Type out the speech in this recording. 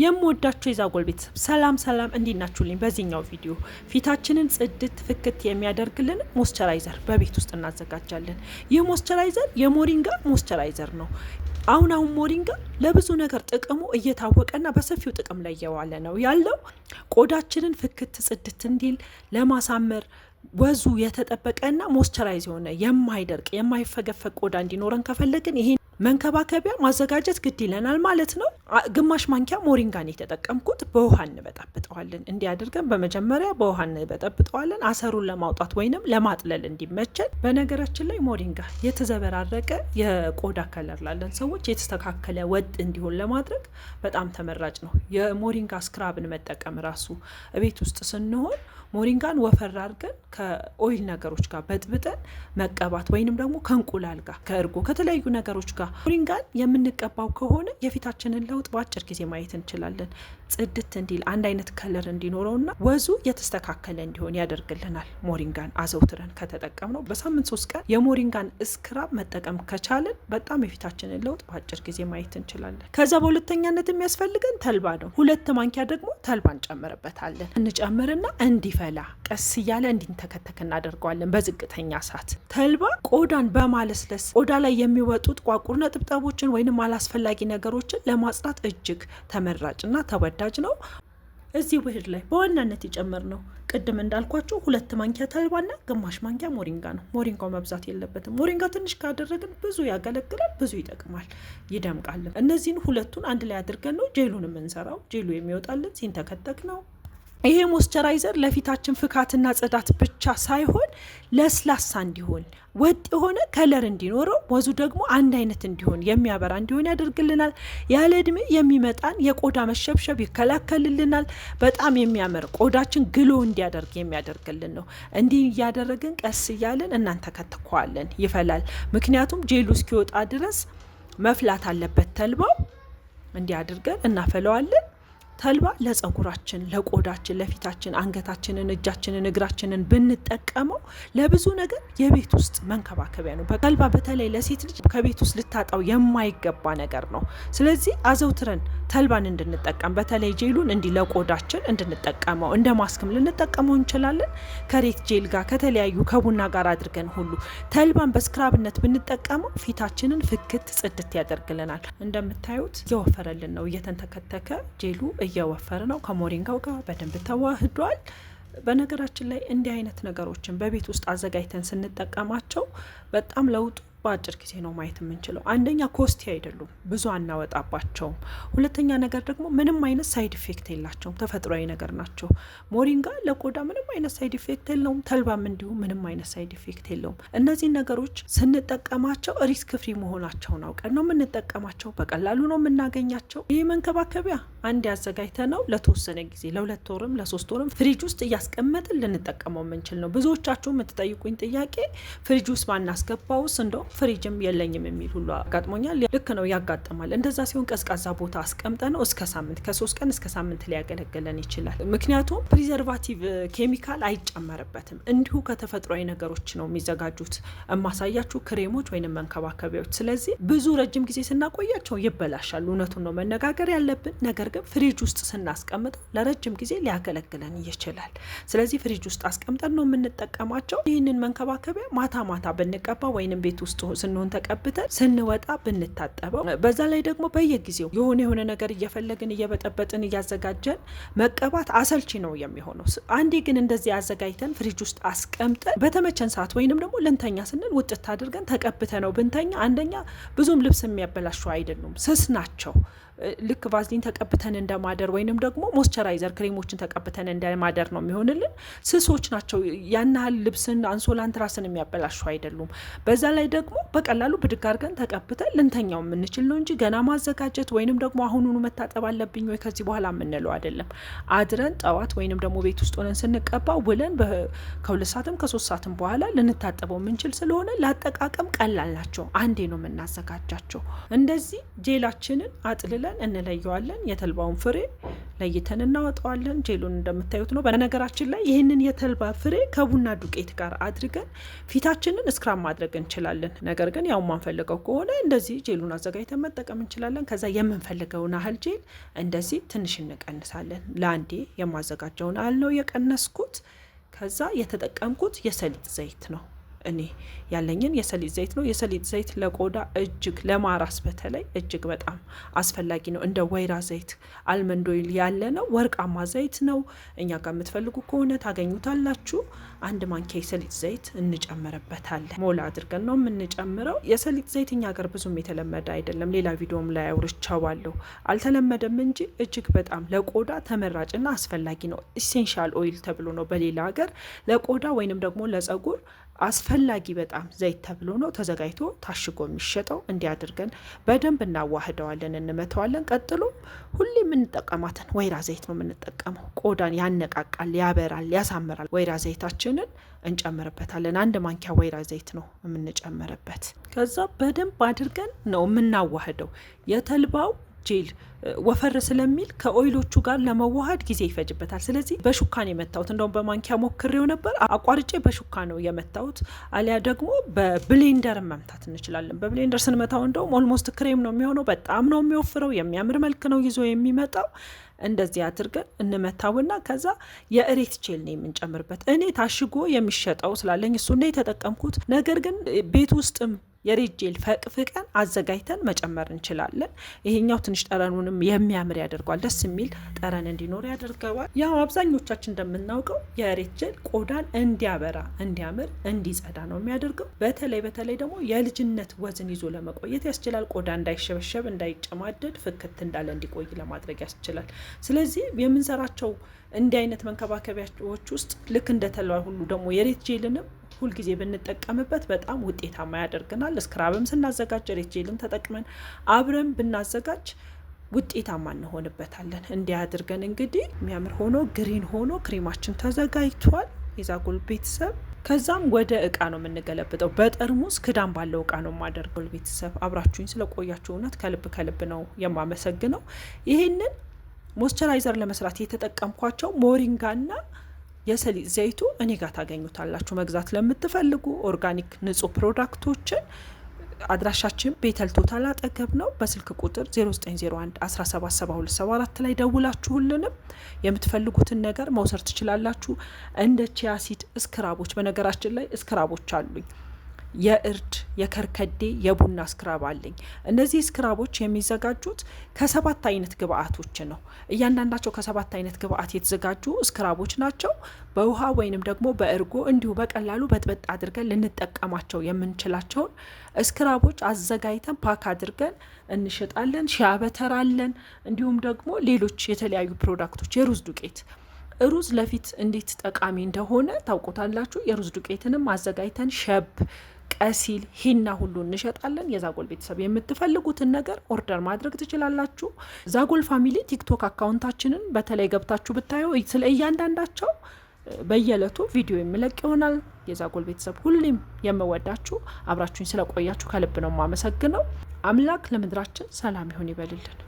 የምወዳቸው የዛጎል ቤተሰብ ሰላም ሰላም፣ እንዴት ናችሁልኝ? በዚህኛው ቪዲዮ ፊታችንን ጽድት ፍክት የሚያደርግልን ሞስቸራይዘር በቤት ውስጥ እናዘጋጃለን። ይህ ሞስቸራይዘር የሞሪንጋ ሞስቸራይዘር ነው። አሁን አሁን ሞሪንጋ ለብዙ ነገር ጥቅሙ እየታወቀና በሰፊው ጥቅም ላይ እየዋለ ነው ያለው። ቆዳችንን ፍክት ጽድት እንዲል ለማሳመር ወዙ የተጠበቀና ሞስቸራይዝ የሆነ የማይደርቅ የማይፈገፈግ ቆዳ እንዲኖረን ከፈለግን ይሄ መንከባከቢያ ማዘጋጀት ግድ ይለናል ማለት ነው። ግማሽ ማንኪያ ሞሪንጋን የተጠቀምኩት በውሃ እንበጣብጠዋለን። እንዲያደርገን በመጀመሪያ በውሃ እንበጣብጠዋለን አሰሩን ለማውጣት ወይንም ለማጥለል እንዲመቸን። በነገራችን ላይ ሞሪንጋ የተዘበራረቀ የቆዳ ከለር ላለን ሰዎች የተስተካከለ ወጥ እንዲሆን ለማድረግ በጣም ተመራጭ ነው። የሞሪንጋ ስክራብን መጠቀም ራሱ ቤት ውስጥ ስንሆን ሞሪንጋን ወፈር አድርገን ከኦይል ነገሮች ጋር በጥብጠን መቀባት ወይንም ደግሞ ከእንቁላል ጋር ከእርጎ ከተለያዩ ነገሮች ጋር ሞሪንጋን የምንቀባው ከሆነ የፊታችንን ለውጥ በአጭር ጊዜ ማየት እንችላለን። ጽድት እንዲል አንድ አይነት ከለር እንዲኖረውና ወዙ የተስተካከለ እንዲሆን ያደርግልናል። ሞሪንጋን አዘውትረን ከተጠቀምነው በሳምንት ሶስት ቀን የሞሪንጋን እስክራብ መጠቀም ከቻልን በጣም የፊታችንን ለውጥ በአጭር ጊዜ ማየት እንችላለን። ከዛ በሁለተኛነት የሚያስፈልገን ተልባ ነው። ሁለት ማንኪያ ደግሞ ተልባ እንጨምርበታለን። እንጨምርና እንዲፈላ ቀስ እያለ እንዲንተከተክ እናደርገዋለን በዝቅተኛ እሳት። ተልባ ቆዳን በማለስለስ ቆዳ ላይ የሚወጡት ቋቁር ነጥብጣቦችን ወይንም አላስፈላጊ ነገሮችን ለማጽዳት እጅግ ተመራጭና ተወዳ ተወዳጅ ነው። እዚህ ውህድ ላይ በዋናነት የጨመር ነው ቅድም እንዳልኳችሁ ሁለት ማንኪያ ተልባና ግማሽ ማንኪያ ሞሪንጋ ነው። ሞሪንጋው መብዛት የለበትም። ሞሪንጋ ትንሽ ካደረግን ብዙ ያገለግላል፣ ብዙ ይጠቅማል፣ ይደምቃል። እነዚህን ሁለቱን አንድ ላይ አድርገን ነው ጄሉን የምንሰራው። ጄሉ የሚወጣልን ሲንተከተክ ነው። ይሄ ሞስቸራይዘር ለፊታችን ፍካትና ጽዳት ብቻ ሳይሆን ለስላሳ እንዲሆን ወጥ የሆነ ከለር እንዲኖረው ወዙ ደግሞ አንድ አይነት እንዲሆን የሚያበራ እንዲሆን ያደርግልናል። ያለ እድሜ የሚመጣን የቆዳ መሸብሸብ ይከላከልልናል። በጣም የሚያምር ቆዳችን ግሎ እንዲያደርግ የሚያደርግልን ነው። እንዲህ እያደረግን ቀስ እናንተ እናንተከትከዋለን። ይፈላል። ምክንያቱም ጄሉ እስኪወጣ ድረስ መፍላት አለበት። ተልባው እንዲያድርገን እናፈለዋለን። ተልባ ለፀጉራችን፣ ለቆዳችን፣ ለፊታችን፣ አንገታችንን፣ እጃችንን፣ እግራችንን ብንጠቀመው ለብዙ ነገር የቤት ውስጥ መንከባከቢያ ነው። ተልባ በተለይ ለሴት ልጅ ከቤት ውስጥ ልታጣው የማይገባ ነገር ነው። ስለዚህ አዘውትረን ተልባን እንድንጠቀም በተለይ ጄሉን እንዲህ ለቆዳችን እንድንጠቀመው እንደ ማስክም ልንጠቀመው እንችላለን። ከሬት ጄል ጋር ከተለያዩ ከቡና ጋር አድርገን ሁሉ ተልባን በስክራብነት ብንጠቀመው ፊታችንን ፍክት ጽድት ያደርግልናል። እንደምታዩት እየወፈረልን ነው እየተንተከተከ ጄሉ እየወፈረ ነው። ከሞሪንጋው ጋር በደንብ ተዋህዷል። በነገራችን ላይ እንዲህ አይነት ነገሮችን በቤት ውስጥ አዘጋጅተን ስንጠቀማቸው በጣም ለውጡ በአጭር ጊዜ ነው ማየት የምንችለው። አንደኛ ኮስቲ አይደሉም፣ ብዙ አናወጣባቸውም። ሁለተኛ ነገር ደግሞ ምንም አይነት ሳይድ ኢፌክት የላቸውም፣ ተፈጥሯዊ ነገር ናቸው። ሞሪንጋ ለቆዳ ምንም አይነት ሳይድ ኢፌክት የለውም። ተልባም እንዲሁም ምንም አይነት ሳይድ ኢፌክት የለውም። እነዚህን ነገሮች ስንጠቀማቸው ሪስክ ፍሪ መሆናቸውን አውቀን ነው የምንጠቀማቸው። በቀላሉ ነው የምናገኛቸው። ይህ መንከባከቢያ አንድ ያዘጋጅተ ነው ለተወሰነ ጊዜ ለሁለት ወርም ለሶስት ወርም ፍሪጅ ውስጥ እያስቀመጥን ልንጠቀመው የምንችል ነው። ብዙዎቻችሁ የምትጠይቁኝ ጥያቄ ፍሪጅ ውስጥ ማናስገባውስ እንደው ፍሪጅም የለኝም የሚል ሁሉ አጋጥሞኛል። ልክ ነው ያጋጥማል። እንደዛ ሲሆን ቀዝቃዛ ቦታ አስቀምጠን እስከ ሳምንት ከሶስት ቀን እስከ ሳምንት ሊያገለግለን ይችላል። ምክንያቱም ፕሪዘርቫቲቭ ኬሚካል አይጨመርበትም። እንዲሁ ከተፈጥሯዊ ነገሮች ነው የሚዘጋጁት የማሳያችሁ ክሬሞች ወይም መንከባከቢያዎች። ስለዚህ ብዙ ረጅም ጊዜ ስናቆያቸው ይበላሻል። እውነቱን ነው መነጋገር ያለብን። ነገር ግን ፍሪጅ ውስጥ ስናስቀምጠው ለረጅም ጊዜ ሊያገለግለን ይችላል። ስለዚህ ፍሪጅ ውስጥ አስቀምጠን ነው የምንጠቀማቸው። ይህንን መንከባከቢያ ማታ ማታ ብንቀባ ወይንም ቤት ውስጥ ስንሆን ተቀብተን ስንወጣ ብንታጠበው፣ በዛ ላይ ደግሞ በየጊዜው የሆነ የሆነ ነገር እየፈለግን እየበጠበጥን እያዘጋጀን መቀባት አሰልቺ ነው የሚሆነው። አንዴ ግን እንደዚህ አዘጋጅተን ፍሪጅ ውስጥ አስቀምጠን በተመቸን ሰዓት ወይንም ደግሞ ልንተኛ ስንል ውጥት አድርገን ተቀብተ ነው ብንተኛ አንደኛ ብዙም ልብስ የሚያበላሹ አይደሉም፣ ስስ ናቸው። ልክ ቫዝሊን ተቀብተን እንደማደር ወይንም ደግሞ ሞስቸራይዘር ክሬሞችን ተቀብተን እንደማደር ነው የሚሆንልን። ስሶች ናቸው። ያን ያህል ልብስን፣ አንሶላን፣ ትራስን የሚያበላሹ አይደሉም። በዛ ላይ ደግሞ በቀላሉ ብድግ አድርገን ተቀብተን ልንተኛው የምንችል ነው እንጂ ገና ማዘጋጀት ወይንም ደግሞ አሁኑኑ መታጠብ አለብኝ ወይ ከዚህ በኋላ የምንለው አይደለም። አድረን ጠዋት ወይንም ደግሞ ቤት ውስጥ ሆነን ስንቀባ ውለን ከሁለት ሰዓትም ከሶስት ሰዓትም በኋላ ልንታጠበው የምንችል ስለሆነ ለአጠቃቀም ቀላል ናቸው። አንዴ ነው የምናዘጋጃቸው። እንደዚህ ጄላችንን አጥልለን አድርገን እንለየዋለን። የተልባውን ፍሬ ለይተን እናወጣዋለን። ጄሉን እንደምታዩት ነው። በነገራችን ላይ ይህንን የተልባ ፍሬ ከቡና ዱቄት ጋር አድርገን ፊታችንን እስክራብ ማድረግ እንችላለን። ነገር ግን ያው የማንፈልገው ከሆነ እንደዚህ ጄሉን አዘጋጅተን መጠቀም እንችላለን። ከዛ የምንፈልገውን ያህል ጄል እንደዚህ ትንሽ እንቀንሳለን። ለአንዴ የማዘጋጀውን ያህል ነው የቀነስኩት። ከዛ የተጠቀምኩት የሰሊጥ ዘይት ነው። እኔ ያለኝን የሰሊጥ ዘይት ነው። የሰሊጥ ዘይት ለቆዳ እጅግ ለማራስ በተለይ እጅግ በጣም አስፈላጊ ነው። እንደ ወይራ ዘይት፣ አልመንዶይል ያለ ነው። ወርቃማ ዘይት ነው። እኛ ጋር የምትፈልጉ ከሆነ ታገኙታላችሁ። አንድ ማንኪያ የሰሊጥ ዘይት እንጨምርበታለን። ሞላ አድርገን ነው የምንጨምረው። የሰሊጥ ዘይት እኛ ጋር ብዙም የተለመደ አይደለም። ሌላ ቪዲዮም ላይ አውርቻዋለሁ። አልተለመደም እንጂ እጅግ በጣም ለቆዳ ተመራጭና አስፈላጊ ነው። ኢሴንሻል ኦይል ተብሎ ነው በሌላ ሀገር ለቆዳ ወይንም ደግሞ ለጸጉር አስፈላጊ በጣም ዘይት ተብሎ ነው ተዘጋጅቶ ታሽጎ የሚሸጠው። እንዲያደርገን በደንብ እናዋህደዋለን፣ እንመተዋለን። ቀጥሎ ሁሌ የምንጠቀማትን ወይራ ዘይት ነው የምንጠቀመው። ቆዳን ያነቃቃል፣ ያበራል፣ ያሳምራል። ወይራ ዘይታችንን እንጨምርበታለን። አንድ ማንኪያ ወይራ ዘይት ነው የምንጨምርበት። ከዛ በደንብ አድርገን ነው የምናዋህደው የተልባው ጄል ወፈር ስለሚል ከኦይሎቹ ጋር ለመዋሃድ ጊዜ ይፈጅበታል። ስለዚህ በሹካን የመታሁት እንደውም በማንኪያ ሞክሬው ነበር፣ አቋርጬ በሹካ ነው የመታሁት። አሊያ ደግሞ በብሌንደር መምታት እንችላለን። በብሌንደር ስንመታው እንደውም ኦልሞስት ክሬም ነው የሚሆነው። በጣም ነው የሚወፍረው። የሚያምር መልክ ነው ይዞ የሚመጣው። እንደዚህ አድርገን እንመታውና ከዛ የእሬት ጄል ነው የምንጨምርበት። እኔ ታሽጎ የሚሸጠው ስላለኝ እሱ እንደ የተጠቀምኩት ነገር ግን ቤት ውስጥም የሪጅል ፈቅፍቀን አዘጋጅተን መጨመር እንችላለን። ይሄኛው ትንሽ ጠረኑንም የሚያምር ያደርጓል፣ ደስ የሚል ጠረን እንዲኖር ያደርገዋል። ያው አብዛኞቻችን እንደምናውቀው የሪጅል ቆዳን እንዲያበራ፣ እንዲያምር፣ እንዲጸዳ ነው የሚያደርገው። በተለይ በተለይ ደግሞ የልጅነት ወዝን ይዞ ለመቆየት ያስችላል። ቆዳ እንዳይሸበሸብ፣ እንዳይጨማደድ፣ ፍክት እንዳለ እንዲቆይ ለማድረግ ያስችላል። ስለዚህ የምንሰራቸው እንዲህ አይነት መንከባከቢያዎች ውስጥ ልክ እንደተለዋል ሁሉ ደግሞ የሬት ጄልንም ሁልጊዜ ብንጠቀምበት በጣም ውጤታማ ያደርገናል። ስክራብም ስናዘጋጅ ሬትጄልን ተጠቅመን አብረን ብናዘጋጅ ውጤታማ እንሆንበታለን። እንዲያድርገን እንግዲህ የሚያምር ሆኖ ግሪን ሆኖ ክሬማችን ተዘጋጅቷል። የዛጎል ቤተሰብ ከዛም ወደ እቃ ነው የምንገለብጠው። በጠርሙስ ክዳን ባለው እቃ ነው የማደርገው። ቤተሰብ አብራችሁኝ ስለቆያችሁ እውነት ከልብ ከልብ ነው የማመሰግነው። ይህንን ሞስቸራይዘር ለመስራት የተጠቀምኳቸው ሞሪንጋና የሰሊጥ ዘይቱ እኔ ጋር ታገኙታላችሁ። መግዛት ለምትፈልጉ ኦርጋኒክ ንጹህ ፕሮዳክቶችን አድራሻችን ቤተል ቶታል አጠገብ ነው። በስልክ ቁጥር 0901 177274 ላይ ደውላችሁልንም የምትፈልጉትን ነገር መውሰድ ትችላላችሁ። እንደ ቺያሲድ እስክራቦች፣ በነገራችን ላይ እስክራቦች አሉኝ የእርድ የከርከዴ የቡና ስክራብ አለኝ። እነዚህ ስክራቦች የሚዘጋጁት ከሰባት አይነት ግብአቶች ነው። እያንዳንዳቸው ከሰባት አይነት ግብአት የተዘጋጁ ስክራቦች ናቸው። በውሃ ወይንም ደግሞ በእርጎ እንዲሁ በቀላሉ በጥበጥ አድርገን ልንጠቀማቸው የምንችላቸውን ስክራቦች አዘጋጅተን ፓክ አድርገን እንሸጣለን። ሻበተራለን። እንዲሁም ደግሞ ሌሎች የተለያዩ ፕሮዳክቶች የሩዝ ዱቄት ሩዝ ለፊት እንዴት ጠቃሚ እንደሆነ ታውቆታላችሁ። የሩዝ ዱቄትንም አዘጋጅተን ሸብ ቀሲል፣ ሂና ሁሉ እንሸጣለን። የዛጎል ቤተሰብ የምትፈልጉትን ነገር ኦርደር ማድረግ ትችላላችሁ። ዛጎል ፋሚሊ ቲክቶክ አካውንታችንን በተለይ ገብታችሁ ብታየው ስለ እያንዳንዳቸው በየዕለቱ ቪዲዮ የሚለቅ ይሆናል። የዛጎል ቤተሰብ ሁሌም የምወዳችሁ አብራችሁኝ ስለቆያችሁ ከልብ ነው የማመሰግነው። አምላክ ለምድራችን ሰላም ይሁን ይበልልን።